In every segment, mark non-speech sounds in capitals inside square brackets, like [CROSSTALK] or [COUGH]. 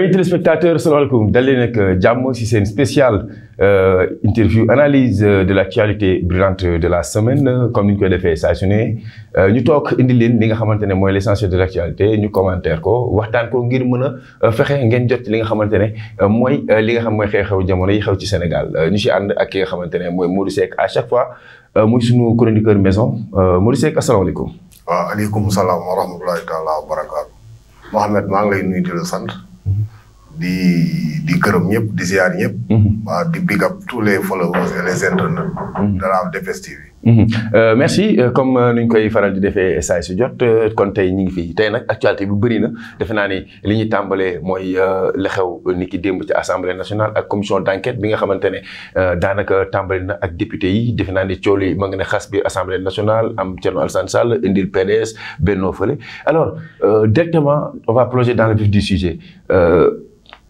amis téléspectateurs salaamaaleykum dal leen ak euh, jàmm ci seen spécial euh, interview analyse euh, de l'actualité brûlante de la semaine comme ni ñu koy defee saa su ne ñu toog indi leen li nga xamante ne l'essentiel de l'actualité ñu commentaire ko waxtaan ko ngir mën a fexe ngeen jot li nga xamante ne mooy li nga xam mooy xew-xew xew ci Sénégal ñu ci ànd ak ki nga xamante ne Modou Seck à chaque fois muy sunu chroniqueur maison Modou Seck asalaamaaleykum. waaw aleykum salaam wa rahmatulahi taala wa barakaatu. Mohamed maa ngi lay nuyu di la di di kërëm ñëpp di ziar ñëpp. Mhm. waaw di big up tous les followers et les internautes de la Mhm. Euh, merci euh, comme euh, ni ñu koy faral di defee saa su jot kon tey ñu ngi fi tay nak actualité bu bari na defe na ni li ñi tambalé moy le xew niki ki ci assemblée nationale ak commission d'enquête bi nga xamantene ne daanaka tàmbali na ak député yi defe na ni cool ma ngi ne xas assemblée nationale am Thierno Alassane Sall indil PDS Benno fële alors directement on va plonger dans le vif du sujet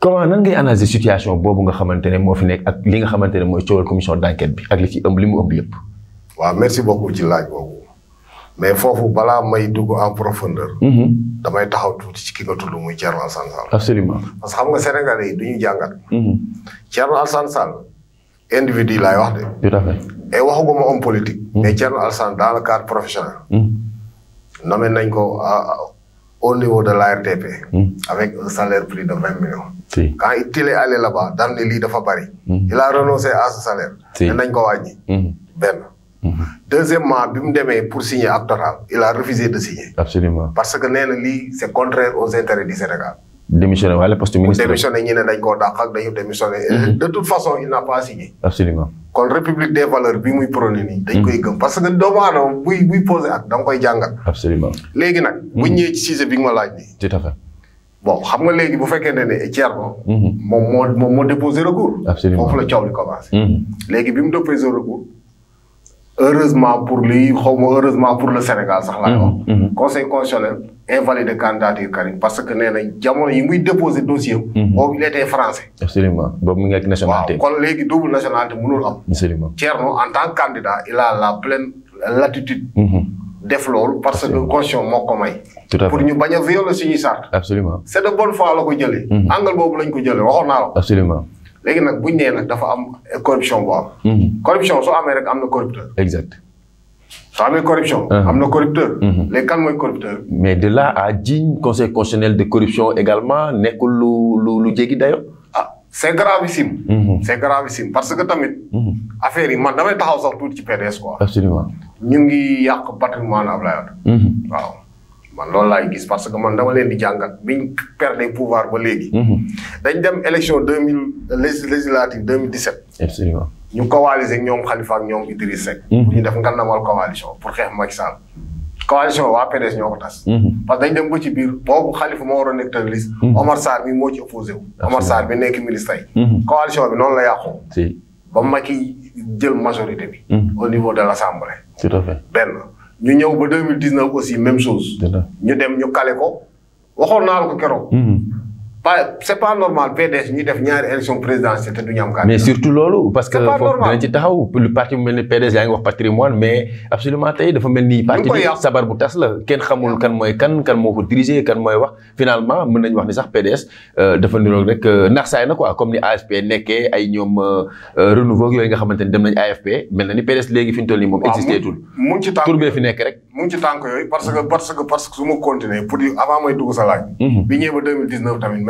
comment nan ngay analyser situation bobu nga xamantene mo fi nek ak li nga xamantene moy mooy commission d'enquête bi ak li ci ëmb li mu ëmb yépp waaw merci beaucoup ci laaj boobu mais foofu balaa may dugg en profondeur. Mhm. damay taxaw tuuti ci ki nga tudd muy Thierno Alassane Sall. absolument parce que xam nga Sénégalais yi du ñu jàngat. Mhm. Thierno Alassane Sall individu laay wax de. tout à fait et waxaguma homme politique. Mhm. mais Thierno Alassane dans le cadre professionnel. nommé nañ ko au niveau de l'ARTP. avec un salaire plus de vingt millions. si quand il est allé là-bas daf ne lii dafa bari. il a renoncé à ce salaire. nañ ko wàññi. deuxièmement bi mu demee pour signer ak Total il a refusé de signer. absolument parce que nee na lii contraire aux intérêts du Sénégal. démissionné wala poste ministre. démissionné ñi ne dañ koo dàq ak dañu démissionné. Mhm. de toute façon il n'a pas signé. absolument kon république des valeurs bi muy prôné nii. dañ koy mhm. gëm parce que doomu aadama buy buy posé ak da koy jàngat. absolument léegi nag. bu mhm. ñëwee ci sujet bi nga ma laaj nii. tout à fait. bon xam nga léegi bu fekkente ne Thierno. moom moo moom moo recours. absolument foofu la coow li commencé. léegi bi mu déposé recours. heureusement pour lui xaw ma pour le Sénégal sax laay wax. Mm-hmm, mm-hmm. conseil constitutionnel invalide candidature Karim parce que nee na jamono yi muy déposé dossier am. Mm-hmm. boobu français. absolument boobu mu ngi ak nationalité. waaw kon léegi double nationalité mënul am. absolument en tant candidat il a la pleine latitude. def loolu parce que constitution moo may. pour ñu bañ a violer suñuy sart. absolument c'est de bonne foi la ko jëlee. angle boobu lañ ko jëlee absolument léegi nag buñ nee nag dafa am corruption bu am. Mhm. corruption soo amee rek am na corrupteur. exact soo amee corruption. Uh-huh. am na corrupteur. Mhm. léegi kan mooy corrupteur. mais de là à jiiñ conseil constitutionnel de corruption également nekkul lu lu lu jéggi dayo ah c'est gravissime. Mhm. c'est gravissime parce que tamit. affaire yi man damay taxaw sax tuuti ci PDS quoi. absolument ñu ngi yàq patrimoine Ablaye Wade. waaw. man loolu laay gis parce que man dama leen di jàngat biñ perdre pouvoir ba léegi. Mhm. dañ dem élection deux mille législative deux mille ñu coaliser ñoom Khalifa ñoom Idriss Seck. bu mhm. ñu def nga namal coalition pour xeex Macky Sall. waa PDS ñoo ko mhm. parce que dañ dem ba biir boobu Khalifa moo waroon nekk tëdd Omar Sarr bi moo ci opposé wu. Omar Sarr bi nekk ministre yi. bi noonu la yàqoo. ba Macky jël majorité bi. au niveau de l' assemblée. tout ñu ñëw ba deux mille dix neuf aussi même chose. ñu dem ñu kale ko waxoon naa la pas c' est pas normal PDS ñuy def ñaari élection présidentielle mais surtout loolu parce que foofu dinañ ci taxaw parti bu mel ni PDS yaa ngi wax patrimoine mais absolument tey dafa mel ni PDS euh, dafa niroog euh, ni euh, moom existé tul mu ngi ci tànk tur bee fi nekk rek mu ci tànk yooyu parce que su ma continuer pour avant may dugg sa laaj mhm. bi ñëwee ba tamit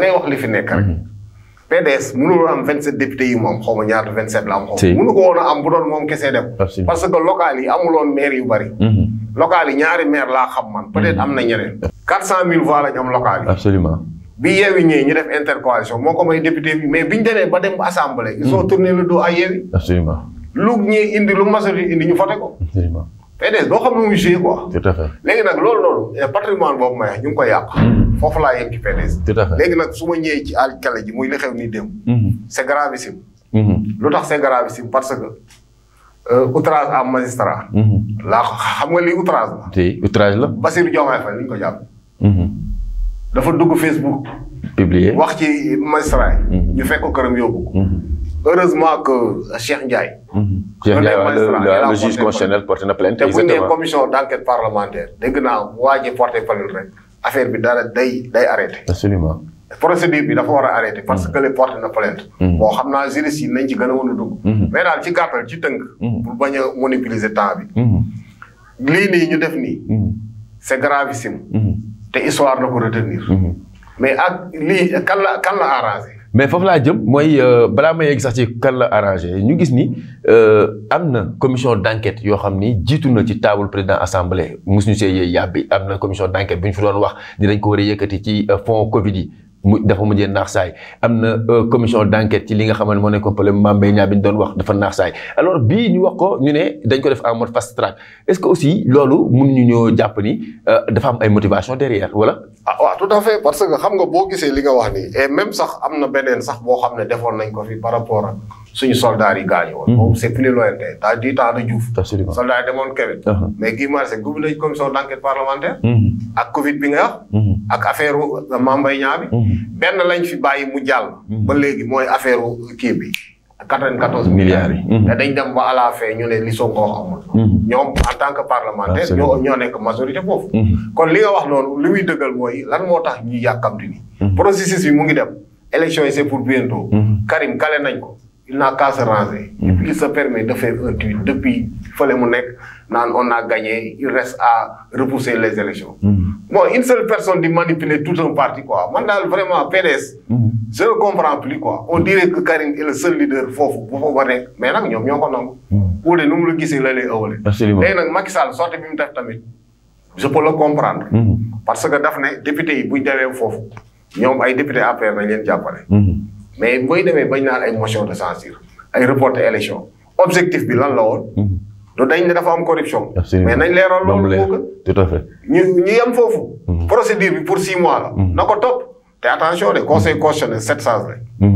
da wax li fi nekk rek. Mhm. PDS mënul am 27 députés yi moom xaw ma ñaata 27 la am. xaw ma mënu woon am bu doon moom kese dem. parce que local yi amuloon maire yu bari. Mhm. local ñaari maire laa xam man. peut-être mhm. am na ñeneen. 400000 voix lañ am local yi. absolument. bi yeewi ñëwee ñu def intercoalition moo ko may député mais biñ demee ba dem ba assemblée. ils ont tourné le yeewi. lu ñuy indi lu majorité indi ñu voté ko. PDS boo xam ne muy joué quoi. léegi nag loolu noonu eh, patrimoine boobu may ñu ngi ko yàq. Mm-hmm. foofu laa yem ci PDS. léegi nag su ma ñëwee ci àll kale ji muy li xew nii démb. Mm-hmm. c'est gravissime. Mm-hmm. lu tax c'est gravissime parce que. Euh, outrage à magistrat. laa ko xam nga li outrage la. tey outrage la. Bassirou Diomaye Faye li ko jàpp. dafa dugg Facebook. publier wax ci magistrat yi. ñu fekk ko këram yóbbu ko. heureusement que Cheikh Ndiaye. Mhm. Cheikh Ndiaye waaw le le juge constitutionnel porté na plainte. exactement te bu commission d'enquête parlementaire dégg naa porté plainte affaire bi dara day day arrêté. absolument procédure bi dafa wara a arrêté. parce mhm. que les porte na plainte. Mhm. bon xamna naa juriste yi nañ ci gëna wonu dug. a dugg. mais dal ci gattal ci tënk. pour bañ a monopoliser temps bi. lii ni ñu def nii. c' est gravissime. Té histoire na ko retenir. mais ak li kan la kan la arranger? mais foofu laa jëm mooy euh, balaa may yegg sax ci kan la arrangé ñu gis ni euh, am na commission d' yoo xam ni jiitu na ci table président assemblée mosuñu see yee yàbbi am na commission d' enquête ñu fi doon wax ni dañ ko war a yëkkati ci euh, fonds Covid yi. mu dafa mujjee naax saay am na euh, commission d'enquête ci li nga xamante moo nekkoon problème Mame Mbaye Niang bi ñu doon wax dafa naax saay alors bii ñu wax ko ñu ne dañ ko def en mode fast track est-ce que aussi loolu mënuñu ñoo jàpp ni euh, dafa am ay motivation derrière wala. ah waaw tout à fait parce que xam nga boo gisee li nga wax nii et même sax am na beneen sax boo xam ne defoon nañ ko fi par rapport ak suñu soldats yi gaañu woon. Mhm. moom c' est plus lointain dans du temps de Diouf. absolument soldats yi demoon Kébé. Uh-huh. mais Guy commission d' parlementaire. Mhm. ak Covid bi nga wax. Mhm. ak affaire euh, Mame Mbaye Niang bi. benn lañ fi bàyyi mu jàll. ba léegi mooy affaire kii bi. 94 milliards yi. te dañ dem ba à la fin ne li Sonko wax ñoom en tant parlementaire. ñoo ñoo nekk foofu. kon li nga wax noonu li muy dëggal mooy lan moo tax ñu yàkkamti ni processus bi mu ngi dem. élection yi pour bientôt. Karim kale nañ ko. il n'a qu'à se ranger. Mm-hmm. il se permet de faire un tweet depuis fallait on a gagné, il reste à repousser les élections. Mm-hmm. Bon, une seule personne dit manipuler tout un parti, quoi. Mandal, vraiment, PDS, mm-hmm. je ne comprends plus, quoi. On dirait que Karine est le seul leader, faut, faut, faut, Mais là, nous, nous, nous, nous, nous, nous, nous, nous, qui gens là, Macky Sall, sortez même tamit. Je peux le comprendre. Parce que Daphné, député, il y a un député ils député après députés à faire, mais booy demee bañ naan ay motion de censure ay reporter élection objectif bi lan la woon. Hmm. du dañ ne dafa am corruption. mais nañ leeral loolu moo gën. tout à fait ñu ñu yem foofu. Hmm. procédure bi pour six mois la. Hmm. na ko topp te attention de conseil constitutionnel sept sages la.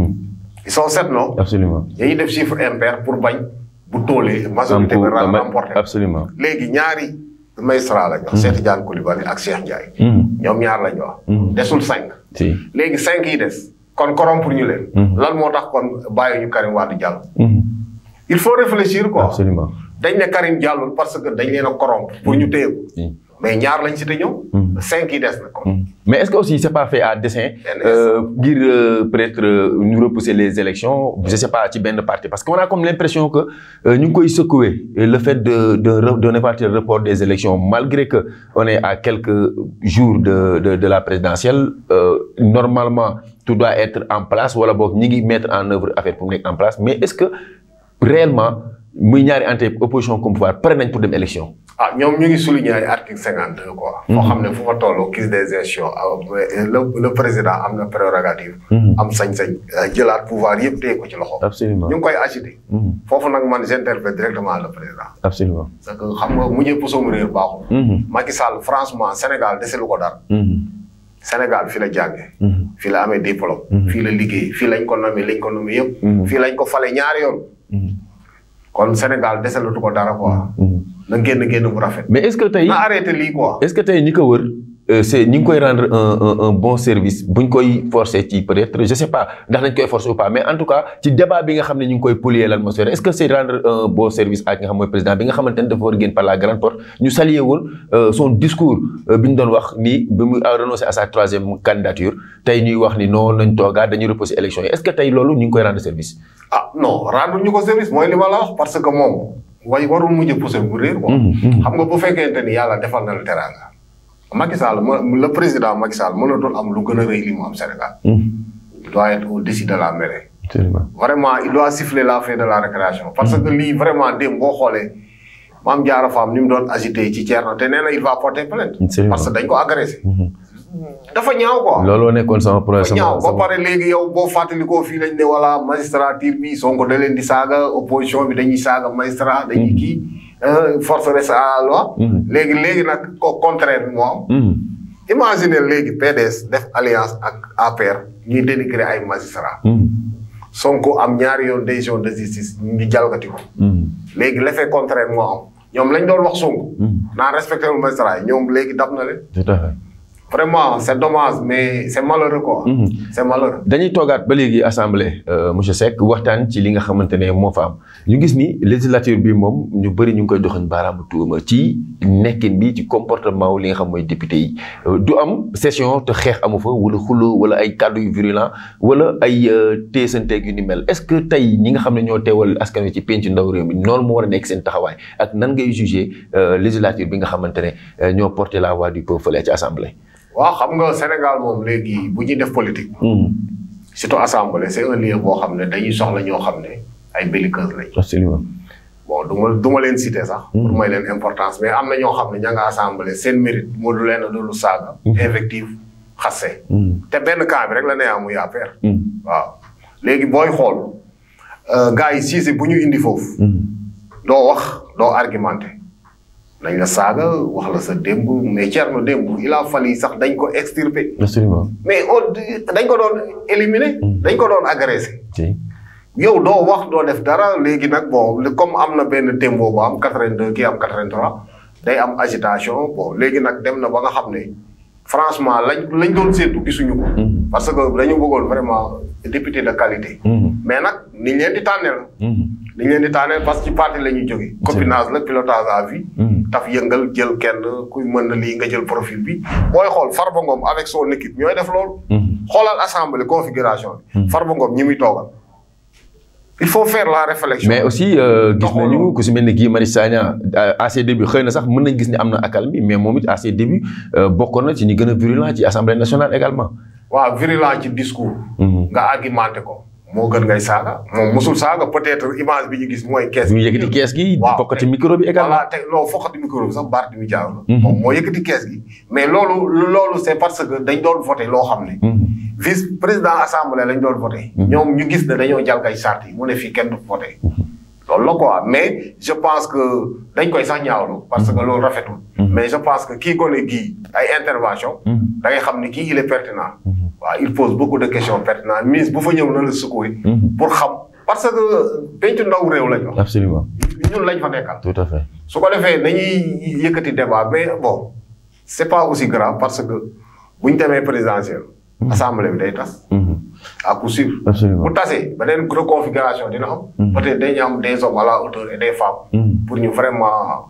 ils sont sept non. absolument dañuy def chiffre pour bañ bu toolee. majorité bi remporté absolument léegi ñaari magistrat la ñu wax. Cheikh Tidiane Coulibaly ak Cheikh Ndiaye. ñoom ñaar la ñu desul cinq. léegi cinq yi des. kon corrompre ñu leen. Mhm. lan moo tax kon bàyyi ñu Karim Wade jàll. Mhm. il faut réfléchir quoi. dañ ne Karim jàllul parce que dañ leen a pour ñu mhm. téye mais ñaar lañ si te ñëw. cinq yi des na kon. Mais est-ce que aussi c'est pas fait à dessein pour être nous repousser les élections je sais pas ben de partir. parce qu'on a comme l'impression que euh, ñu koy le fait de de de ne pas report des élections malgré que on est à quelques jours de de de la présidentielle euh, normalement tout doit être en place voilà alors ñi ngi mettre en œuvre affaire pour mettre en place mais est-ce que réellement muy ñaari ante opposition comme pouvoir pare nañ pour dem élection. ah ñoom ñu ngi souligner ay article cinquante deux quoi. Mhm. foo xam ne fu fa toll crise des gestions ah, le président am na prérogative. Mhm. am sañ-sañ euh, jëlaat pouvoir yëpp téye ko ci loxo. absolument ñu ngi koy agité. Mhm. foofu nag man j'interpelle directement le président. absolument parce que xam nga mu ñëw posoom réer baaxul. Macky Sall franchement Sénégal deselu ko dara. Sénégal fi la jànge fi la amee diplôme. fii la liggéey fii lañ ko nommé yëpp. fii lañ ko fale ñaari yoon. kon Sénégal desalatu ko dara quoi. Mm-hmm. na génn génn bu rafet. mais est-ce que tey na arrêté lii est-ce que tey ñi ko wër. Euh, c'est ni ngi koy rendre un un bon service buñ koy forcer ci peut-être je sais pas ndax dañ koy forcer ou pas mais en tout cas ci débat bi nga xamné ne ñu koy polier l'atmosphère est-ce que c'est rendre un bon service ak nga xam moy président bi nga xamantene ne dafa war par la grande porte ñu saluer euh, son discours euh, bi ñu doon wax ni bi mu renoncer à sa troisième candidature tay ñuy wax ni non nañ toga dañuy repousser élection est-ce que tay lolu ñu ngi koy rendre service. ah non rendre ñu ko service moy li ma la wax parce que mom way warul mujj pousser bu réer quoi. Hum, hum, hum. xam nga bu fekkente ni yàlla defal na le teraanga. Macky Sall le président Macky Sall mënatul am lu gën a rëy li mu am Sénégal. Hmm. il doit être au-dessus la mêlée. vraiment il doit siffler la fin de la récréation. parce hmm. que lii vraiment démb boo xoolee Mame Diarra Fam ni mu doon agité ci Thierno te nee na il va porter plainte. parce que dañ ko agressé. Hmm. dafa ñaaw quoi. looloo nekkoon sama projet sama ñaaw ba léegi yow boo fàttalikoo fii lañ ne wala magistrature bi Sonko da leen di saaga opposition bi dañuy saaga magistrat dañuy kii. Euh, force reste à la mhm. léegi léegi nag au contraire moo am. Mhm. imaginer léegi PDS def alliance ak APR ñuy dénigrer ay magistrats. Mhm. Sonko am ñaari yoon décision de justice ñu jalgati ko. léegi l'effet contraire moo am ñoom lañ doon wax Sonko. naan respecté wu magistrat yi ñoom léegi dab na leen. vraiment c'est dommage mais c'est malheureux quoi. Mhm. c'est malheureux. dañuy toogaat ba léegi assemblée euh, monsieur sec waxtaan ci li nga xamantene mo fa am ñu gis ni législature bi mom ñu bari ñu koy joxoon baaraamu tuuma ci nekkin bi ci comportement wu li nga xam moy député yi euh, du am session te xex amu fa wala xulu wala ay kàddu yu virulent wala ay euh, teesanteeg yu ni mel est-ce que tay ñi nga xam ne ñoo teewal askan wi ci penc ndaw réew mi noonu mu war a nekk seen taxawaay ak nan ngay juger législature bi nga xamantene ñoo porté la voix du peuple fële ci assemblée. waaw xam nga Sénégal moom léegi bu ñuy def politique. Hmm. surtout assemblée c' est un boo xam ne dañuy soxla ñoo xam ne ay belliqueux lañ. absolument. bon du ma leen citer sax. Hmm. pour may leen importance mais am na ñoo xam ne ña nga assemblée seen mérite moo du leen loolu saaga. invective hmm. xase. te benn camp rek la nee amuy affaire. waaw léegi booy xool euh, gars yi siise bu ñu indi foofu. doo wax doo argumenté. nañ la saaga wax la sa démb mais Thierno démb il a fallu sax dañ ko extirper. absolument mais au dañ ko doon éliminer. Mm. dañ ko doon agressé. yow doo wax doo def dara léegi nag bon comme am na benn tembo bu am 82 kii am 83 day am agitation bon léegi nag dem na ba nga xam ne franchement lañ lañ doon seetu gisuñu ko. Mm. parce que dañu bëggoon vraiment député de qualité. Mm. mais nag niñ leen di tànnee la. niñ leen di tànnee parce que ci parti la copinage la pilotage taf yëngal jël kenn kuy mën lii nga jël profil bi booy xool Farba Ngom avec son équipe ñooy def loolu. Hmm. xoolal assemblée configuration bi. Hmm. Farba Ngom ñi muy toogal. il faut faire la réflexion. mais aussi euh, gis nañu ku si mel ni Guy Marius Sagna euh, à ses débuts xëy na sax mën nañ gis ni am na accalmie mais moom it à ses débuts euh, bokkoon na ci ñi gën a virulent ci assemblée nationale également. waaw virulent ci discours. Hmm. nga argumenté ko. moo gën ngay saaga moom mosul saaga peut image bi ñu gis mooy. kees gi ñu yëkkati kees gi. waaw fokkati micro bi également. voilà te non sax baat bi jaaw mhm. moom moo yëkkati kees gi. mais loolu loolu c'est parce que dañ doon voté loo xam ne. Mhm. vice président assemblée lañ doon voté. Mhm. ñoom ñu gis ne dañoo jalgay charte yi mu ne fii kenn du voté. loolu la quoi mais je pense que dañ koy sax ñaawlu parce que loolu rafetul. Mhm. mais je pense que kii ko ne ay intervention mhm. da ngay xam il est pertinent. Mhm. waaw il pose beaucoup de questions pertinentes mise bu fa ñëw na la sukkooy. pour xam parce que pencu ndaw réew lañ wax. absolument ñun lañ fa nekkal. tout à fait su ko defee nañuy yëkkati débat mais bon c' est pas aussi grave parce que buñ demee présidentiel. assemblée bi day tas. à coup bu tasee beneen reconfiguration dina xam. Mm-hmm. peut-être dañuy am des hommes à la hauteur et des mm-hmm. pour ñu vraiment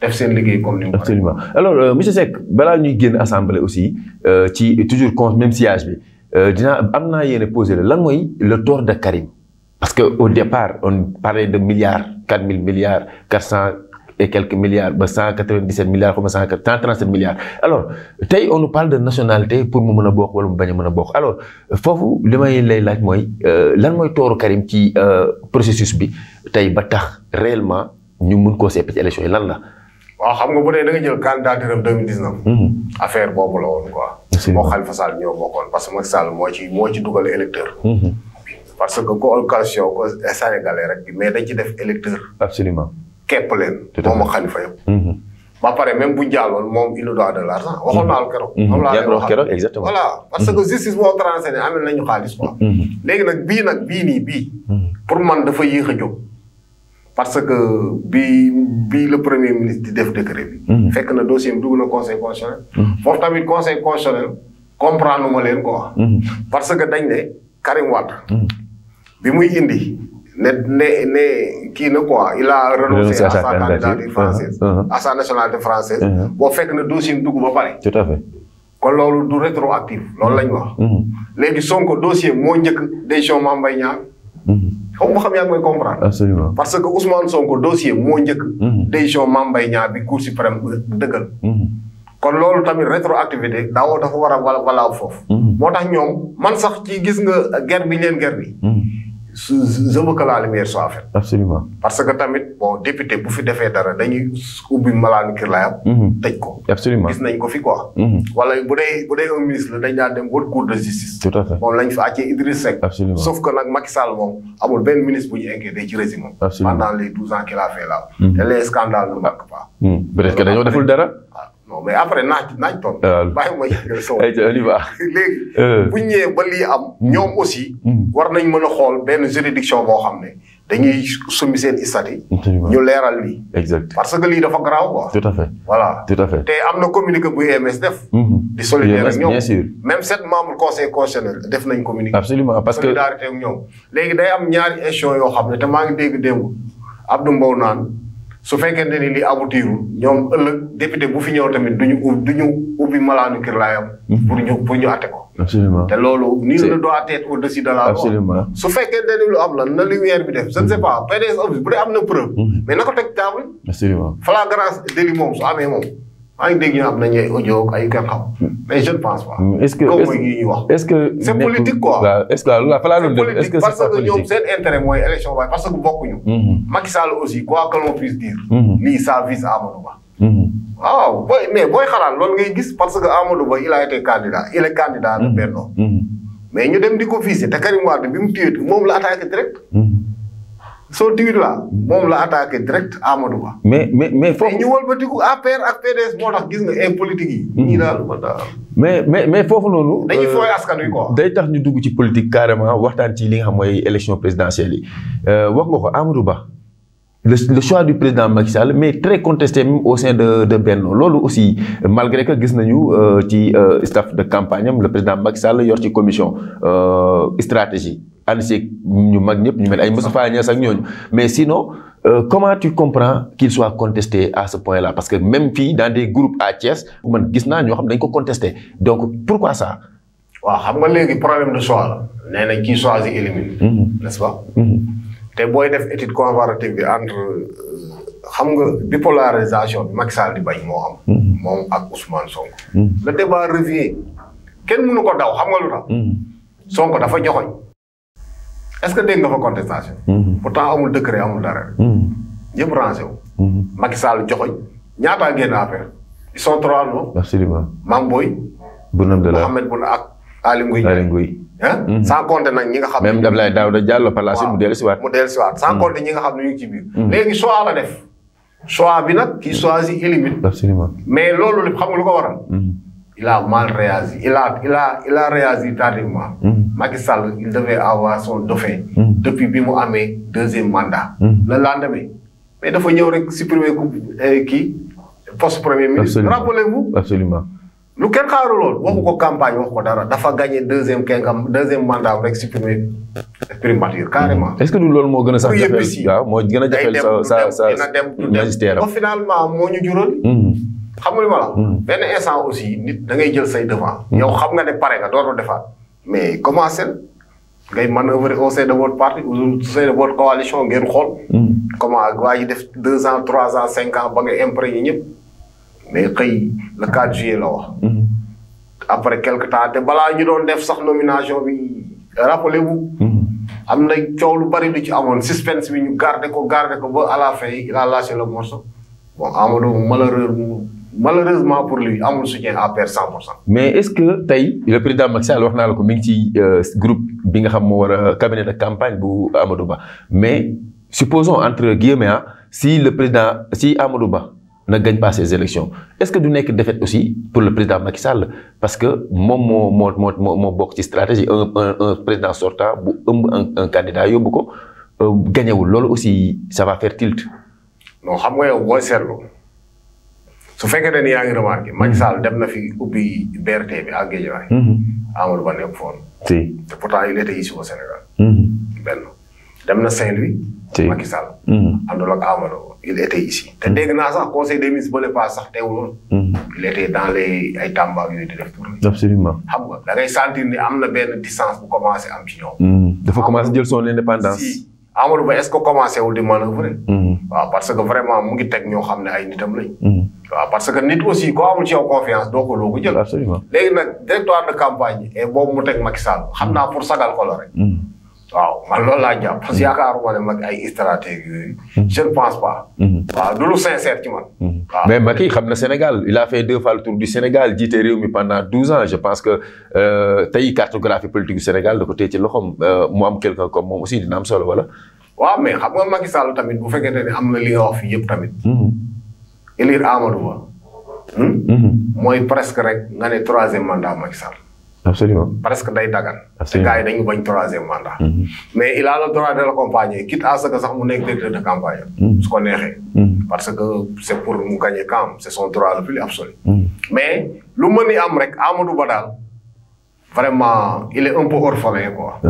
def seen liggéey comme ni mu absolument alors euh, monsieur Seck balaa ñuy génn assemblée aussi euh, ci toujours con même siège bi euh, dina am naa yéen a la lan mooy le tort de Karim. parce que au départ on parlait de milliards quatre mille milliards quatre cent et quelques milliards ba cent quatre vingt dix milliards comme cent trente-sept milliards tey on nous parle de pour mu mën a bokk wala mu bañ a mën a bokk alors foofu li lay laaj mooy euh, lan mooy tooru Karim ci euh, processus bi tey ba tax réellement ñu mun koo sepp ci élection yi lan la. waaw xam nga bu dee da nga jël candidature 2019. Mm-hmm. affaire boobu la woon quoi. moo Khalifa Sall ñoo bokkoon parce que moo ci moo ci dugal électeur. Mm-hmm. parce que ko kepp leen. moom xalifa yëpp. Mhm. ba pare même bu jàlloon moom il nous doit de l' argent. waxoon naa la mhm. keroog. Mhm. waxoon naa keroog exactement. parce que justice boo tranché ne amel nañu xaalis quoi. léegi nag bii nag bii nii bii. pour man dafa yéex a jóg. parce que bi bi le premier ministre di def décret fekk na dossier bi dugg na conseil constitutionnel. foofu tamit conseil constitutionnel comprendre ma leen ko wax parce que dañ ne Karim Wade. bi muy indi. ne ne ne kii na quoi il a renoncé à sa candidature française uh-huh. à sa nationalité uh-huh. boo fekk na dossier dugg ba pare kon loolu du rétroactif loolu la ñu wax uh-huh. léegi Sonko dossier moo njëkk décision Mame Mbaye Niang xaw ma xam yaa ngi comprendre parce que Ousmane Sonko dossier moo njëkk décision Mame Mbaye Niang bi Cour suprême dëggal kon loolu tamit rétroactivité daawoo dafa war a wala wala foofu moo tax ñoom man sax ci gis nga guerre bi leen je veux que la lumière soit faite. absolument parce que tamit bon député bu fi defee dara dañuy ubbi malaanu kër laayam. Mhm. tëj ko. absolument gis nañ ko fi quoi. Mhm. wala bu dee bu dee un ministre dañ daan dem wër cour de justice. tout à fait moom lañ fa àccee Idriss Seck. absolument sauf que nag Macky Sall moom amul benn ministre bu ñu inquiété ci régime am. pendant les douze ans qu'il a fait là. Mhm. te les scandales ne manquent pas. peut-être que dañoo deful dara. non mais après naaj naaj toon euh, bàyyi ma yëgal sow [LAUGHS] [LAUGHS] léegi euh. bu ñu ñëwee ba lii am mm. ñoom aussi mm. war nañ mën a xool benn juridiction boo xam ne dañuy mm. summi seen ñu leeral lii exact parce que lii dafa garaaw quoi tout à fait voilà tout te am na communiqué bu EMS def mm-hmm. di solidaire ak ñoom bien sûr même sept membres def nañ communiqué absolument parce que solidarité ak ñoom léegi day am ñaari échelon yoo xam ne te maa ngi dégg démb Abdou Mbow naan su fekkente ni li aboutirul ñoom ëllëg député bu fi ñëw tamit du ñu ub du ñu ubbi malaa kirlaayam mhm. pour ñu pour ñu atte ko. te loolu. ni le doit être au-dessus de la loi. absolument su fekkente ni lu am la na lumière bi def je ne sais pas PDS bu dee am na preuve. Mhm. mais na ko teg table. absolument flagrant délit moom su amee moom. maa ngi dégg ñu am nañu ay audio ay kenn xam mais je ne pense pas. est ce que est ce que c' est politique quoi. est ce que c' est politique parce que ñoom seen intérêt mooy élection parce que bokkuñu. Macky Sall aussi quoi que l'on puisse dire. lii ça vise Amadou Ba. waaw booy mais booy xalaat loolu ngay gis parce que Amadou Ba il a été candidat il est candidat de mais ñu dem di ko viser te Karim bi mu tuye moom la attaqué direct. soo tweet la moom la attaqué direct Amadou Ba. mais mais mais foofu ñu ak gis nga ay politique yi. Hmm. ñii mais mais mais foofu noonu. dañuy euh, fooy askan wi quoi. day tax ñu dugg ci politique carrément waxtaan ci li nga xam mooy élection présidentielle yi euh, wax nga ko Amadou Ba. Le, le, choix du président Macky Sall mais très contesté même au sein de de benn loolu aussi malgré que gis nañu euh, ci staff de campagne am le président Macky Sall yor ci commission euh, stratégie ànd si ñu mag ñëpp ñu mel ay Moustapha Niasse ak ñooñu mais sinon euh, comment tu comprends qu'il soit contesté à ce point là parce que même fii dans des groupes à Thiès man gis naa ñoo xam dañ ko contesté donc pourquoi ça. waaw xam nga léegi problème de choix la. nee nañ kii choisir élimine. Mhm. Mhm. te booy def étude comparative bi entre euh, xam nga bipolarisation bi Macky mag di bañ moo am. Mhm. moom ak Ousmane Sonko. kenn mënu ko daw xam nga lu tax. Sonko dafa joxoñ est-ce que dégg nga fa contestation. Mm-hmm. pourtant amul décret amul dara. Mm-hmm. ñëpp rangé wu. Mm-hmm. Macky joxoñ ñaataa génn affaire. ils sont trois non. absolument Mame Boye. Bounam de la Mohamed Boun ak Aly Ngouille. Aly Ngouille. ah. sans nag ñi nga xam ne. même Abdoulaye Daouda Diallo dellu si waat. mu dellu si ñu ngi ci biir. léegi choix la def. choix bi nag qui choisit élimine. loolu lépp xam nga lu ko waral. il a mal réagi il a il a il a réagi tardivement. Hmm. Macky hmm. depuis bi mu amee deuxième mandat. Hmm. le lendemain mais dafa ñëw rek supprimer ku eh, kii poste premier ministre. rappelez-vous absolument lu kenn xaaru lool waxu ko campagne waxu ko dara dafa gagné deuxième kengam deuxième mandat rek supprimer primature carrément. est-ce que du loolu moo gën a sax jafeel waaw moo gën finalement moo ñu jural. xam nga li ma hmm. instant aussi nit da ngay jël say devant. Hmm. yow xam nga ne pare nga dootoo defaat. mais commencé ngay manœuvrer au o de votre parti ou au sein de coalition ngeen xool. Hmm. comment waa ji def deux ans trois ans cinq ans ba nga imprégné ñëpp. mais xëy le 4 juillet la après quelque temps te balaa ñu doon def sax nomination bi rappelé wu. am na coow lu bari lu ci amoon suspense bi ñu garder ko garder ko ba à la fin il a lâché le morceau bon Amadou malheureux mu malheureusement pour lui amul soutien à 100% mais est-ce que tay le président Macky Sall wax naa la ko euh, groupe bi nga xam euh, cabinet de campagne bu Amadou mais supposons entre guillemets ah, si le président si ne gagne pas ces élections est-ce que du une défaite aussi pour le président Macky parce que mon, mo mo mo, ci stratégie un président sortant bu un candidat yóbbu euh, gagné ou aussi ça va faire tilt. non xam nga yow booy su fekkee ne yaa ngi remarqué Macky Sall dem na fi ubbi BRT a ak Guédiawaye. Mm-hmm. Amadou Ba nekk foon. si te pourtant il était ici au Sénégal. Mm-hmm. dem na Saint-Louis. si Macky Sall. Mm-hmm. àndul ak Amadou il était ici. te dégg naa sax conseil des ministres ba ne pas sax teewul. il était dans les ay Tamba yooyu di def tournée. absolument xam nga da ngay am na benn distance bu commencé am ci ñoom. dafa commencé jël son indépendance. Amadou Ba est-ce que commencé wul di manœuvrer. Hmm. waaw parce que vraiment mu ngi teg ñoo xam ne ay nitam lañ. Hmm. waaw parce que nit aussi ko amul ci yow confiance doo ko loo ko jël. absolument léegi nag directoire de campagne yi. et boobu mu teg Macky xam naa pour sagal ko la waaw man loolu laa jàpp parce que yaakaaruma ne mag ay stratégie yooyu. Mhm. je ne pense pas. Mhm. waaw du lu sincère ci man. Mhm. waaw mais xam na Sénégal il a fait deux fois le tour du Sénégal jiite réew mi pendant douze ans je pense que euh, tey cartographie politique du Sénégal da ko ci loxoom euh, mu am quelqu'un comme moom aussi dina am solo wala. waaw mais xam nga Macky Sall tamit bu fekkente ne am na li nga wax fii yëpp tamit. élire Amadou Ba. Hmm? presque rek nga ne troisième mandat Macky Sall. absolument parce que day dagan. te gars yi dañu bañ troisième mandat. Mm-hmm. mais il a droit de l'accompagner quitte à ce que sax mu nekk directeur de campagne. Mm-hmm. su ko neexee. Mm-hmm. parce que c' est pour mu gagner camp c' son droit le plus absolu. mais lu mën am rek Amadou Ba daal vraiment il est un peu orphelin quoi.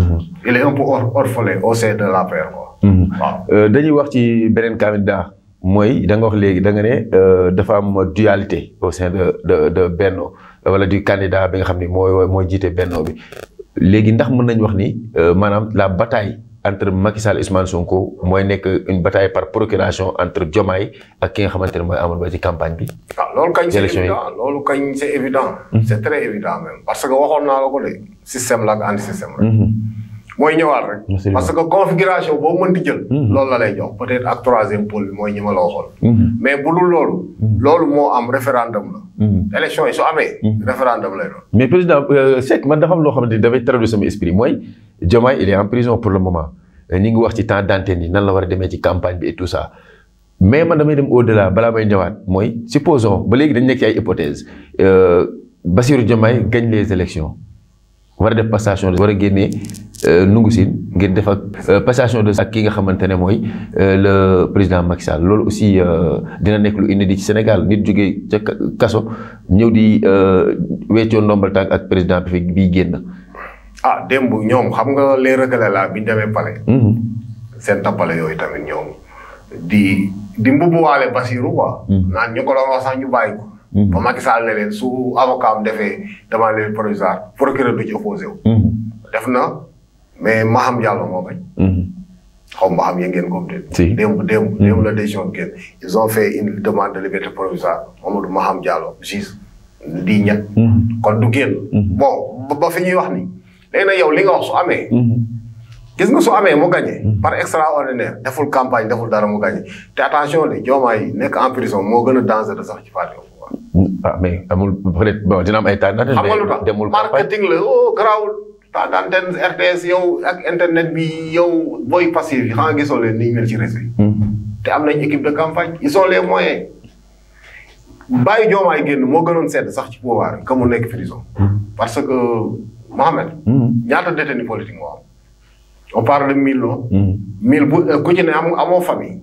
il est un peu orphelin au sein de l'APR quoi. waaw euh, dañuy wax ci beneen candidat mooy da wax léegi danga nga ne euh, dafa am dualité au sein de Benno. wala di candidat bi nga xam ni mooy mooy jiite bennoo bi léegi ndax mën nañ wax ni euh, maanaam la bataille entre Macky Sall Ousmane Sonko mooy nekk une bataille par procuration entre Diomaye ak ki nga xamante ne mooy Amadou Ba ci campagne bi. ah loolu kañ c'est évident loolu kañ c'est évident. Hmm. c'est très évident même parce que waxoon naa la ko de système la ak anti système la. Hmm. mooy ñëwaat rek. parce que configuration boo mën di jël. Mm-hmm. loolu la lay jox peut-être ak troisième pôle bi mooy ñi ma la waxoon. Mm-hmm. mais bu dul loolu. Mm-hmm. loolu moo am référendum la. élection yi su amee. référendum lay doon. mais président euh, Seck man dafa am loo xamante ni dafay traduire sama esprit mooy Diomaye il est en prison pour le moment ñi ngi wax ci temps d'antenne yi nan la war a demee ci campagne bi et tout ça. mais man damay dem au-delà balaa may ñëwaat mooy supposons ba léegi dañ nekk ci ay hypothèses euh, Bassirou Diomaye gagne les élections war a def passation de war a génnee euh, nungu siin ngir def ak euh, passation de ak ki nga xamante ne mooy euh, la président Macky Sall loolu aussi dina nekk lu inédit ci Sénégal nit jóge ca kaso ñëw di weccoo ndombal tànk ak président bi fi bii génn. ah démb ñoom xam nga les recalés là bi ñu demee palais. Mm-hmm. seen tappale yooyu tamit ñoom di di mbubuwaale Bassirou quoi. Mm-hmm. naan ñu ko doon sax ñu bàyyi Mhm. ba Macky Sall ne leen su avocat am defee demande leen provisoire procureur du ci opposé wu. Mhm. def na mais Maham Diallo moo bañ. Mhm. xaw ma xam yéen ngeen ko déet. si démb démb démb la décision bi génn ils ont fait une demande de liberté provisoire Mamadou Maham Diallo juge di ñett. kon du génn. bo ba fi ñuy wax ni léegi nag yow li nga wax su amee. gis nga su amee mu gagné. par extraordinaire deful campagne deful dara mu gagné te attention de Diomaye nekk en prison moo gën a dangereux sax ci ah mais amul peut être bon dina am ay temps. xam nga lu tax demul marketing la oh RTS yow ak internet bi yow booy passif yi xanaa gisoo leen ni mel ci réseau te am nañ équipe de campagne ils ont les moyens. bàyyi joomaay génn moo gënoon sedd sax ci pouvoir bi ka mu nekk prison. parce que Mohamed. ñaata détenu politique moo am. on parle de mille non. mille bu ku famille.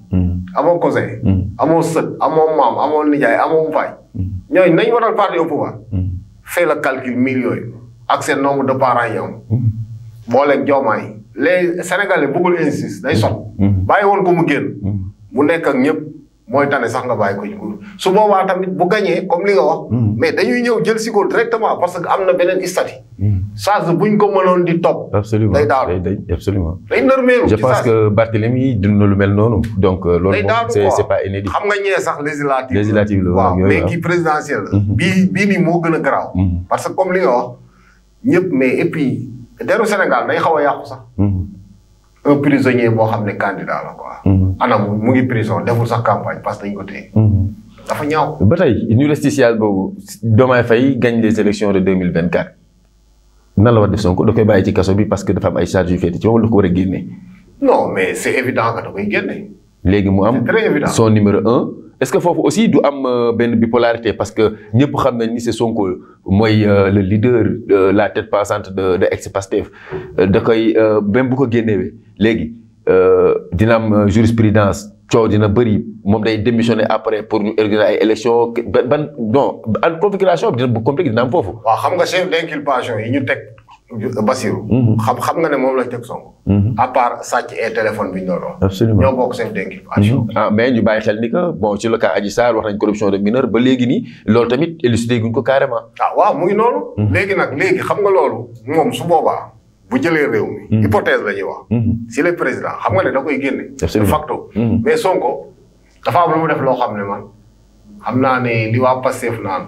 amoon cousin. Mm. amoo sët amoon maam amoo nijaay amoo mbaay. Mm. ñooñu nañu waral parti au pouvoir. Mm. fait le calcul mille ak seen nombre de parents yi am. booleeg joomaay les sénégalais bëggul insiste day sot bàyyi woon ko mu génn. mu nekk ak ñëpp. mooy tane sax nga bàyyi ko ci nguur su boobaa tamit bu gañee comme li wax. Hmm. mais dañuy ñëw jël si ko directement parce que am na beneen statut. Hmm. charge buñ ko mënoon di top day daanu day day absolument. day nërmeelu je pense que Barthélemy dund na lu mel noonu. donc euh, loolu moom c'est c'est pas inédit. xam sax législative. législative la waaw mais kii présidentielle la. Hmm. bii bii nii moo gën a garaaw. parce que comme li nga wax ñëpp mais et puis deru Sénégal day xaw a yàqu sax. un prisonnier boo xam ne candidat la quoi. Mhm. anam mu ngi prison deful sax campagne parce que ñu ko téye. Mhm. dafa ñaaw. ba tey ñu des ci siège boobu Diomaye Faye gagne les élections de deux mille vingt quatre nan la war def Sonko da koy bàyyi ci kaso bi parce que dafa am ay charges yu féete ci moom la ko war a génne. non mais c' évident que da koy génne. léegi mu am son numéro un. est-ce que foofu aussi du am euh, benn bipolarité parce que ñepp xam nañ ni c'est Sonko moy euh, le leader la tête pensante de de ex-Pastef euh, da koy même bu ko légui euh dina am jurisprudence coow dina bari mom day démissionner après pour ñu organiser ay élections ban ban non en configuration bi dina bu compliqué dina am foofu. waaw xam nga chef d'inculpation yi ñu tek Bassirou. Mm-hmm. xam xam nga ne moom lañ teg Sonko. Mm-hmm. à part sàcc et téléphone bi ñu doon wax. absolument ñoo bokk chef d'inculpation. Mm-hmm. ah mais ñu bàyyi xel ni que bon ci le cas Adji Sarr wax nañ corruption de mineur ba léegi nii loolu tamit élucidé guñ ko carrément. ah waaw mu ngi noonu. léegi nag léegi xam nga loolu moom su boobaa. bu jëlee réew mi. hypothèse la ñuy wax. si le président xam nga ne da génne. de facto. mais Sonko dafa am lu mu def loo xam ne man xam naa ne li waa Pastef naan.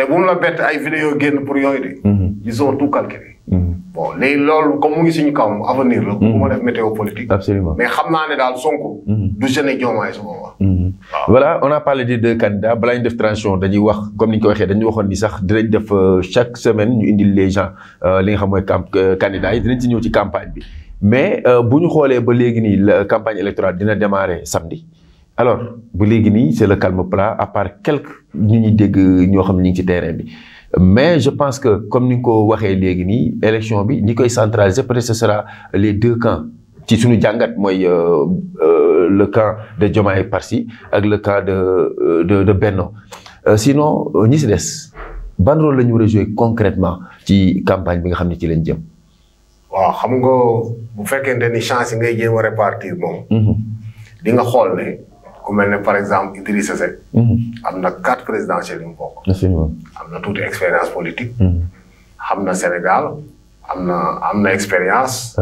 te bu mu la bett ay vidéo génn pour yooyu de. Mhm. ils ont tout calculé. Mhm. suñu kawam mhm. météo politique. absolument mais ne daal Sonko. on a parlé des deux candidats balaa ñu def transition dañuy wax comme ni ko waxee dañu waxoon ni sax dinañ def euh, chaque semaine ñu indil les euh, li nga xam mooy camp euh, candidats yi dinañ ci ñëw ci campagne bi mais bu ñu xoolee ba léegi nii la campagne électorale dina démarrer samedi. alors bu légui ni c'est le calme plat à part quelques ñu ñi dégg ñoo xam ñi ci terrain bi mais je pense que comme nous ko waxee léegi nii élection bi ñi koy centraliser peut-être ce sera les deux camps ci suñu euh, euh, le camp de Diomaye Parsi ak le camp de euh, de de Benno sinon ñi ci des ban rôle la ñu jouer concrètement ci campagne bi nga xam ne ci lañ jëm. Wa xam nga bu fekkente ni chance ngay ngay répartir a répartir -hmm. di nga xol ne. ku mel ne par exemple Idrissa Seck. Mhm. am na quatre présidentielles yu mu bokk. am na tuuti expérience politique. xam mhm. na Sénégal am na am na expérience.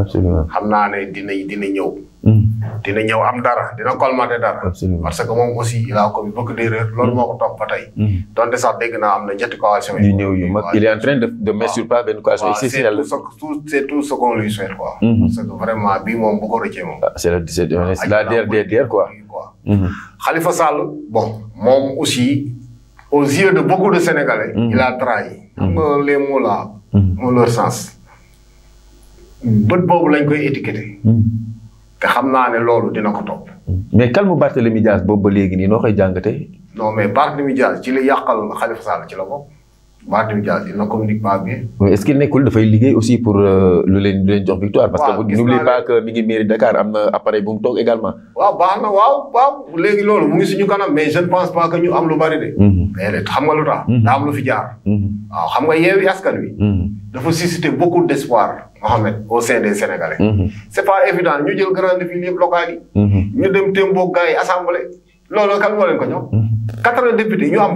xam naa ne dina dina ñëw. Hmm. parce que aussi il a commis beaucoup d'erreurs il est en train de de mettre ah. sur pas tout ce qu'on lui souhaite hmm. c'est vraiment bii moom bu ko ah, la c' est la ah, quoi. Hmm. Khalifa Sall bon aussi aux yeux de beaucoup de Sénégalais. il a trahi. les mots là. dans leur sens. bët boobu lañ koy te xam naa ne loolu dina ko topp. mais calme Barthélemy Dias boobu ba léegi nii noo koy jàngatee. non mais Barthélemy Dias ci la yàqal Khalifa Sall ci la bokk Barthélemy Dias il ne communique pas bien. mais est-ce que nekkul dafay liggéey pour euh, lu leen lu leen jox victoire. parce que n'oubliez pas que mi ngi mairie Dakar am appareil bu toog également. waaw baax na waaw waaw léegi loolu mu ngi suñu kanam mais je ne pense am lu bari de. mais mhm. xam nga lu tax. Mhm. daa am lu fi jaar. Mhm. xam nga yeewi askan wi. dafa susciter beaucoup d' espoir Mohamed au sein des Sénégalais. Mhm. c' est pas évident ñu jël grande ville yëpp locales yi. Mhm. ñu dem Témbo gars yi assemblée. loolu kan moo leen ko jox. Mhm. quatre députés ñu am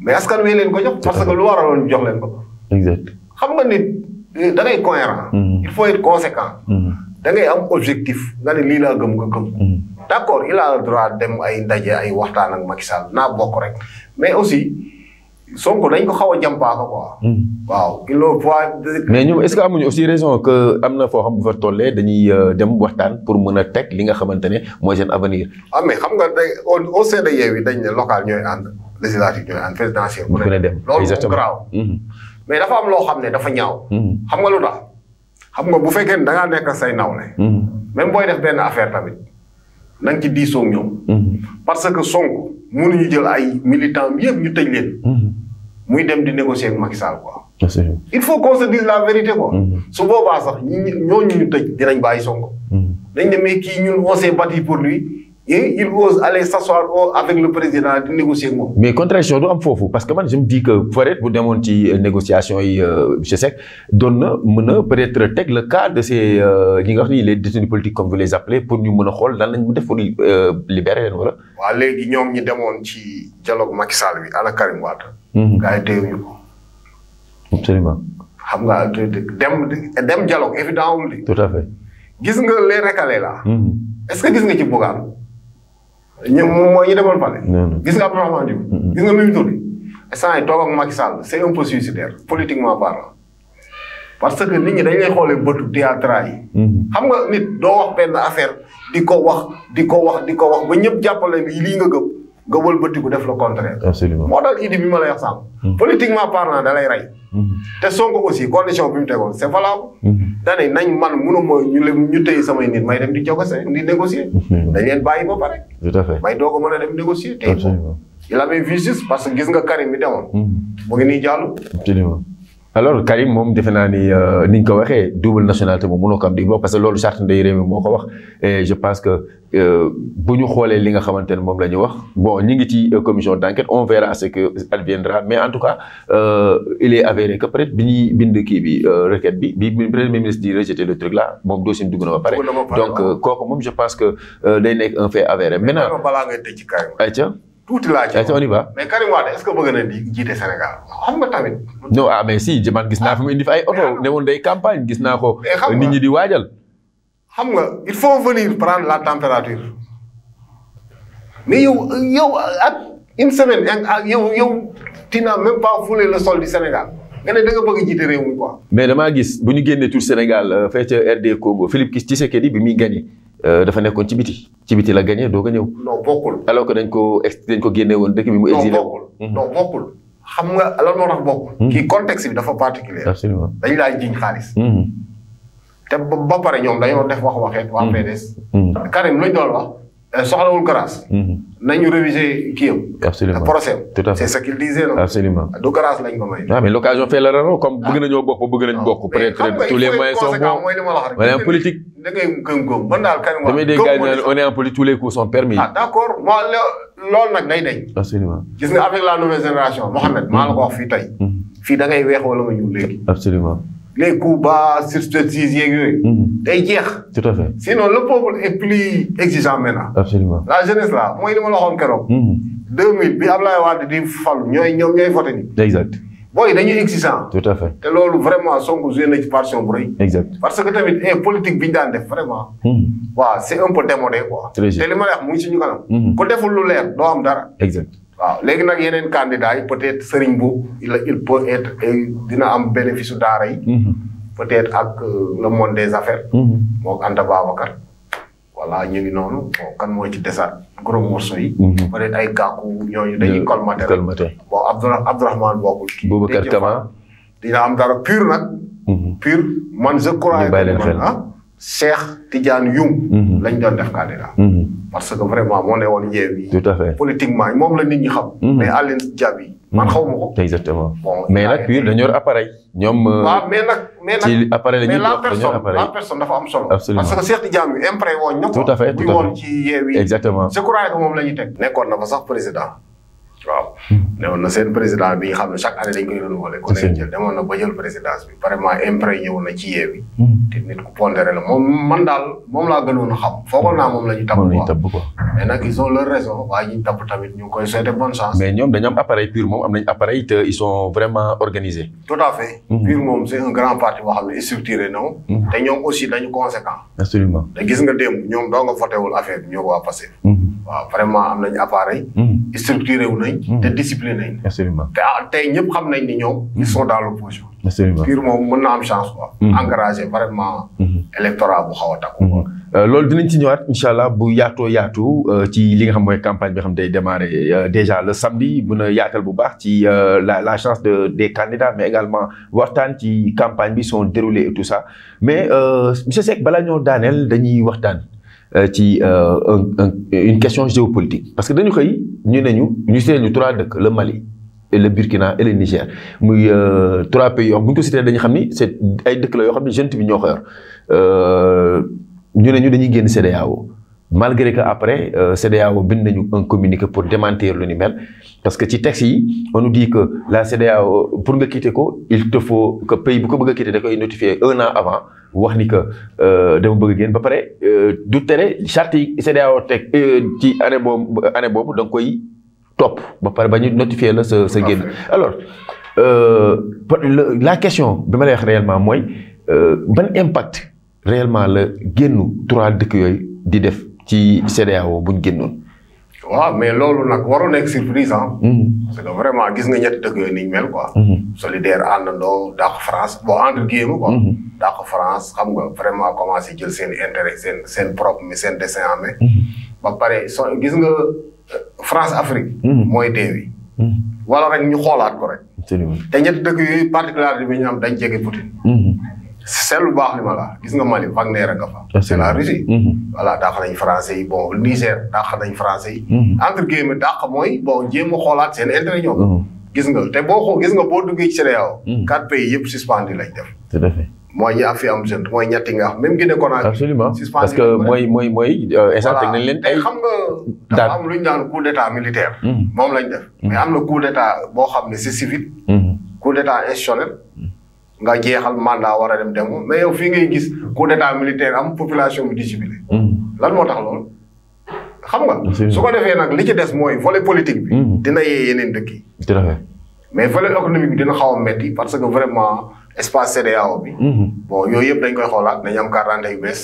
mais askan wi leen ko jox parce que lu waraloon jox leen ko. exact xam nga nit eh, da ngay cohérent. il faut être conséquent. da ngay am objectif nga ne lii laa gëm nga gëm. d' accord il a le droit dem ay ndaje ay waxtaan ak Macky Sall naa bokk rek mais aussi. Sonko dañ ko xaw a jàmpaaka hmm. waaw kilo poids. mais ñoom est-ce que aussi raison am na foo xam bu fa tollee dañuy euh, dem waxtaan pour mën a teg li nga xamante ne mooy seen avenir. ah xam nga day au au sein dañ ne local ñooy ànd législative ñooy ànd présidentielle. ku dem loolu hmm. mais dafa am loo xam ne dafa ñaaw. Hmm. xam nga lu tax xam nga bu fekkee ne da ngaa nekk say nawle. même booy def benn affaire tamit na ci diisoo ak ñoom. parce que Sonko mënuñu jël ay militant yëpp ñu tëj leen. muy dem di négocier ak Macky Sall quoi. Ah, il faut qu'on se dise la vérité quoi. Mm-hmm. su boobaa sax ñi ñooñu ñu tëj dinañ bàyyi Sonko. Mm-hmm. dañ ne mais kii ñun on s'est battu pour lui et il ose aller s'asseoir avec le président di négocier moom. mais contradiction du am foofu parce que man je me dis que peut-être bu demoon ci euh, négociation yi je euh, sais doon na mën a peut-être teg le cas de ces euh, ñi nga xam ni les détenus politiques comme vous les appelez pour ñu mën a xool lan lañ mu def pour libérer leen wala. waaw léegi ñoom ñi demoon ci dialogue Macky Sall bi ala Karim Wade. Mm-hmm. gars yi téyewuñu ko. absolument. xam nga dem dem dialogue évident wul di. tout à fait. gis nga les recalés là. Mm-hmm. est-ce que gis nga ci Bougane. ñu mooy ñu demoon palais. gis nga Abdourahmane Diouf. Mm-hmm. gis nga Mimi Touré. instant yi toog ak Macky un peu suicidaire politiquement parlant. parce que nit ñi dañ lay xoolee bëtu théâtre yi. xam nga nit doo wax benn affaire di ko wax di ko wax di ko wax ba ñëpp jàppale ni nga gëm. nga wëlbatiku def le contraire. absolument moo tax idée bi ma lay wax sànq. Hmm. politiquement parlant da lay rey. Hmm. te Sonko aussi condition bi mu tegoon c' est valable. Hmm. daanaka nañ man mënuma ñu leen ñu tëye samay nit may dem di jokkase di négocier. dañ leen ba pare. may doo ko a dem négocier. tey il avait vu juste parce que gis nga Karim bi demoon. mu ngi nii jàll. alors Karim mom defe naa ni euh, ni ñu ko waxé double nationalité mom mënoo kam di bokk parce que lolu charte ndey rémi mi wax et je pense que euh, bu ñu xoolee li nga xamantene mom lañu wax bon ñu ngi ci euh, commission d'enquête on verra ce que adviendra mais en tout cas il est avéré que peut-être bi bind ki bi requête bi bi premier ministre di rejeter le truc là mom dossier dugg na ba pare donc koko mom je pense que day nek un fait avéré maintenant balaa ngay tuuti laaj ci. on y va mais Karim Wade est-ce que bëgg na di jiite Sénégal xam nga tamit. non ah mais si gis naa fi mu indi fa ay oto ne woon day gis naa ko. nit ñi di waajal. xam nga il faut venir prendre la température mais yow yow ak une semaine ak ah, yow yow tu n'as même pas foulé la sol du Sénégal. nga ne da bëgg jiite réew mi quoi. mais damaa gis bu ñu génnee tur Sénégal euh, fee ca RD Congo Philippe Tshisekedi bi muy gagné. Euh, dafa nekkoon ci biti ci biti la gagné doo ko ñëw. non bokkul alors que dañ ko ex dañ ko génne woon dëkk bi mu. exilé woon mhm. non bokkul. xam nga lan moo tax bokkul. Mhm. kii contexte bi dafa particulier. absolument dañu laay jiñ xaalis. Mhm. te ba pare ñoom dañoo def wax waxeet waa PDS. Karim luñ doon wax. Euh, soxlawul grâce. Mhm. nañu réviser kii am. absolument procès tout à fait c'est ce du grâce lañ may. ah l'occasion fait comme bëgg ah. nañoo bokk bëgg nañ ah. bokk. peut-être tous les moyens sont bons on est en politique. da ngay gëm gëm man daal kan. damay dégg gars yi on est permis. Ah, d'accord moi loolu nag day day. absolument gis nga avec la nouvelle génération Mohamed maa la ko wax fii tey. Mhm. fii ngay weex wala ma ñuul léegi. absolument les coups bas, substituts, yooyu. Hmm. day jeex. tout à fait sinon le peuple est plus exigeant maintenant. absolument la jeunesse là mooy li ma la waxoon 2000 hmm. bi Ablaye Wade di fal ñooy ñoom ñooy voté ni exact booy dañuy exigeant. tout à fait te loolu vraiment son joué na ci partition bu exact parce que tamit une eh, politique bi def vraiment. Hmm. waaw c' un peu démodé quoi. très bien te li ma la wax mu ngi suñu kanam. ku deful lu leer doo am dara. exact waaw léegi nag yeneen candidats yi peut-être sëriñ bu il peut être euh, dina am bénéfice su daara mhm. peut-être ak euh, le monde des affaires. Mhm. moo Anta Babacar. voilà ñu ngi noonu bon kan moo ci desaat gros morceau yi. Mhm. peut-être ay gàkku ñooñu dañuy colmater. colmater bon Abdourah Abdourahmane bokkul. kii Boubacar dina am dara pur nag. pur man je crois. ñu bàyyi leen fenn ah Cheikh lañ doon def candidat. parce que vraiment moo ne woon Yewwi. tout à fait moom la nit ñi xam. Mhm. mais Aline Diaby. man xaw ma exactement mais nag PUR dañoo yor ñoom euh, waaw mais la ñuy wax dañoo appareil mais la personne la personne am solo. absolument parce que Cheikh Tidiane bi impré woon ñëpp. tout à fait tout à fait exactement moom la ñuy teg. nekkoon na fa sax président waaw. newoon na seen président bi xam ne chaque année dañ koy renouveler ku na ba jël bi vraiment imprégné wu na ci yeewi hmm. te ku pondéré la moom man daal moom laa gënoon a xam foogoon naa moom la ñu tabb quoi mais nag ils ont leur raison waaye ñu tabb tamit ñu ngi koy souhaiter bonne chance mais ñoom dañu am appareil pur moom am nañ appareil te ils vraiment organisés tout à fait hmm. pur moom c'est un grand parti boo ne structuré na hmm. te ñoom aussi dañu conséquent absolument te gis nga démb ñoom doo nga voté wul affaire bi ñoo ko waa discipliné. absolument ah, tey ñëpp xam nañ ni ñoom. ils sont dans l'opposition. absolument Pire moom mën na am chance quoi. Mm-hmm. encourager vraiment. Mm-hmm. électorat bu xaw a takku. Mm-hmm. Euh, loolu dinañ ci ñëwaat incha allah bu yaatoo yaatu euh, ci li nga xam mooy campagne bi nga xam day démarrer euh, déjà le samedi mën a yaatal bu baax ci la la chance de des candidats mais également waxtaan ci campagne bi son déroulé et tout mais monsieur Seck balaa ñoo daaneel dañuy waxtaan. Euh, euh, une question géopolitique parce que dans nous pays, nous trois le Mali le Burkina et le Niger Nous euh, trois pays c'est ay dëkk la Nous bi euh ñu malgré que après euh, CDAO bind nañu un communiqué pour démentir le numéro parce que ci texte yi on nous dit que la CDAO pour nga quitter ko il te faut que pays bu ko bëgg quitter da koy notifier un an avant wax ni que euh, dama bëgg gën ba paré euh du tere charte CDAO tek teg euh, ci année boobu année boobu da koy top ba paré ba ñu notifier le ce ce génn alors la question bi ma lay wax réellement ban impact réellement le génnu trois dëkk yoy di def ci CEDEAO buñ génnoon. waaw mais loolu nag waroon nekk surprise ah. parce que vraiment gis nga ñetti dëkk yooyu ni ñu mel quoi. Mhm. solidaire àndandoo dàq France bon entre guillemets quoi. Mhm. dàq France xam nga vraiment commencé jël seen intérêt seen seen propre mais seen dessin en main. ba pare so gis nga euh, France Afrique. mooy deewi. wala rek ñu xoolaat ko rek. te ñetti dëkk yooyu particularité bi ñu am dañ jege Poutine. seetlu bu baax li ma la gis nga Mali Wagner a nga fa. c'est la Russie. Mhm. voilà dàq nañ français yi bon Niger dàq nañ français yi. Mhm. entre guillemets dàq mooy bon jéem a xoolaat seen intérêt ñoom. Mhm. gis nga te boo xoo gis nga boo duggee ci CEDEAO. quatre pays yëpp suspendu lañ def. tout à fait. mooy ñi fi am jeune mooy ñetti absolument parce que mooy mooy mooy. Euh, échange teg nañ leen xam nga. dafa am lu ñu naan coup d' militaire. moom lañ def. mais am na coup d' boo xam ne c' civil. coup d' état nga jeexal mandat war a dem dem mais yow fii ngay gis coup d'état militaire am population bi di jubilé. Hmm. lan moo tax loolu. xam nga su ko defee nag li ci des mooy volet politique bi. Hmm. dina yee yeneen dëkk yi. mais volet économique bi dina xaw a métti parce que vraiment espace CEDEAO bi. Hmm. bon yooyu yëpp dañ koy xoolaat dañu am carte d'identité yu bees.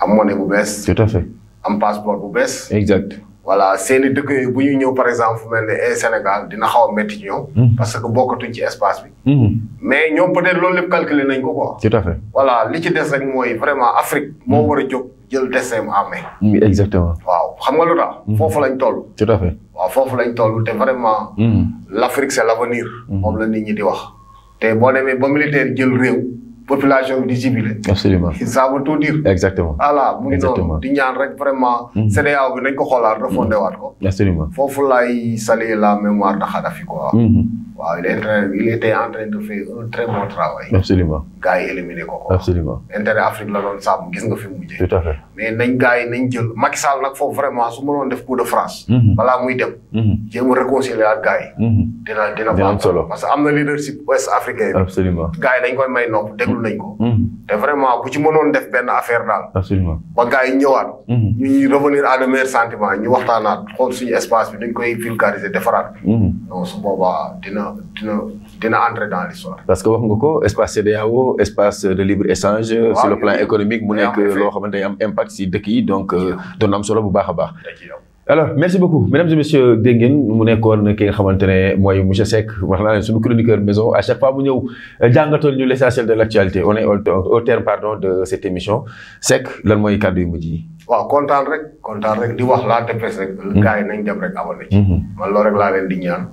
am monnaie bu bees. tout à fait am passeport bu bees. exact. voilà seen i dëkk yooyu bu ñuy ñëw par exemple fu mel ne eh, Sénégal dina xaw a métti ci ñoom. Hmm. parce que bokkatuñ ci espace bi. Hmm. mais ñoom peut-être loolu lépp calculé nañ ko quoi. tout à fait voilà li ci des rek mooy vraiment Afrique hmm. moo war a jóg jël dessin mu amee. exactement. waaw xam nga lu tax. foofu lañ toll. tout à fait waaw foofu lañ toll te vraiment. l' Afrique c' est avenir. moom la nit ñi di wax. te boo demee ba militaire jël réew. population bi di jubilé. absolument ça veut tout dire. exactement voilà mu ngi noonu di ñaan rek vraiment. Mm-hmm. CEDEAO bi nañ ko xoolaat refondé waat ko. absolument foofu laay saluer la mémoire de Kadhafi quoi. Mm-hmm. waaw il est train il était en train de faire un très bon travail. absolument gars yi éliminé ko quoi. absolument intérêt Afrique la doon sàmm gis nga fi mujjee. tout à fait mais nañ gars nañ jël Macky Sall nag vraiment su mënoon def coup de France. Mhm. balaa muy dem. Mhm. jéem a réconcilier ak gars mhm. dina dina solo parce que am na leadership ouest africain bi. absolument gars yi koy may nopp déglu nañ ko. te vraiment bu ci mënoon def benn affaire daal. ba gars ñëwaat. ñu ñuy revenir à de ñu waxtaanaat xool suñu espace dina entrer dans l'histoire parce que wax nga ko espace CDAO, espace de libre échange sur le plan économique mu que lo xamante am impact si dëkk yi donc euh, doon am solo bu baax a baax alors merci beaucoup mesdames et messieurs dégg ngeen mu nekkoon ki nga xamante mooy monsieur Seck wax naa leen suñu chroniqueur maison à chaque fois mu ñëw euh, jàngatal ñu l' essentiel de l' actualité on est au terme pardon de cette émission Seck lan mooy kàddu yu mujj yi. waaw kontaan rek kontaan rek di wax la TPS rek. Hmm. gars yi nañ dem rek abonné ci. Hmm, hmm. man loolu rek laa leen di ñaan.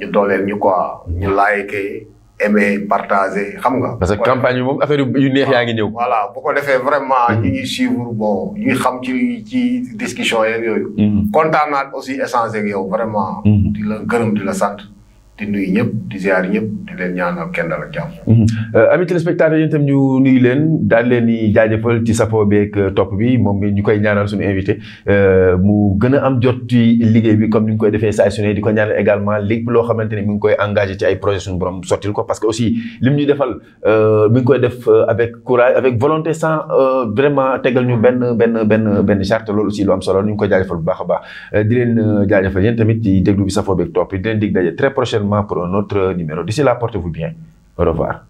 ñu dooleel ñu quoi ñu like aimer partager xam nga. parce que campagne bi moom affaire yu neex yaa ngi ñëw. voilà bu ko defee vraiment mm-hmm. ñu ngi suivre bon ñuy xam ci ci discussion yeeg yooyu. Mm-hmm. kontaan naa aussi échanger ak yow vraiment. Mm-hmm. di la gërëm di la sant. di nuyu ñëpp di ziar ñëpp di leen ñaanal kenn dal ak jàmm. Mm-hmm. Euh, ami téléspectateurs yéen itam ñu nuyu leen daal leen di ci safoo beeg topp bi moom mi ñu koy ñaanal suñu invité euh, mu gën a am jot ci liggéey bi comme ni mu koy defee saa su di ko ñaanal également lépp loo xamante ne mi ngi koy engagé ci ay projet suñu borom sottil ko parce que aussi lim ñu defal euh, mi ngi koy def avec courage avec volonté sans vraiment tegal ñu benn benn benn benn charte loolu aussi lu am solo ñu ngi koy jaajëfal a baax di leen jaajëfal yéen pour un autre numéro. D'ici là, portez-vous bien. Au revoir.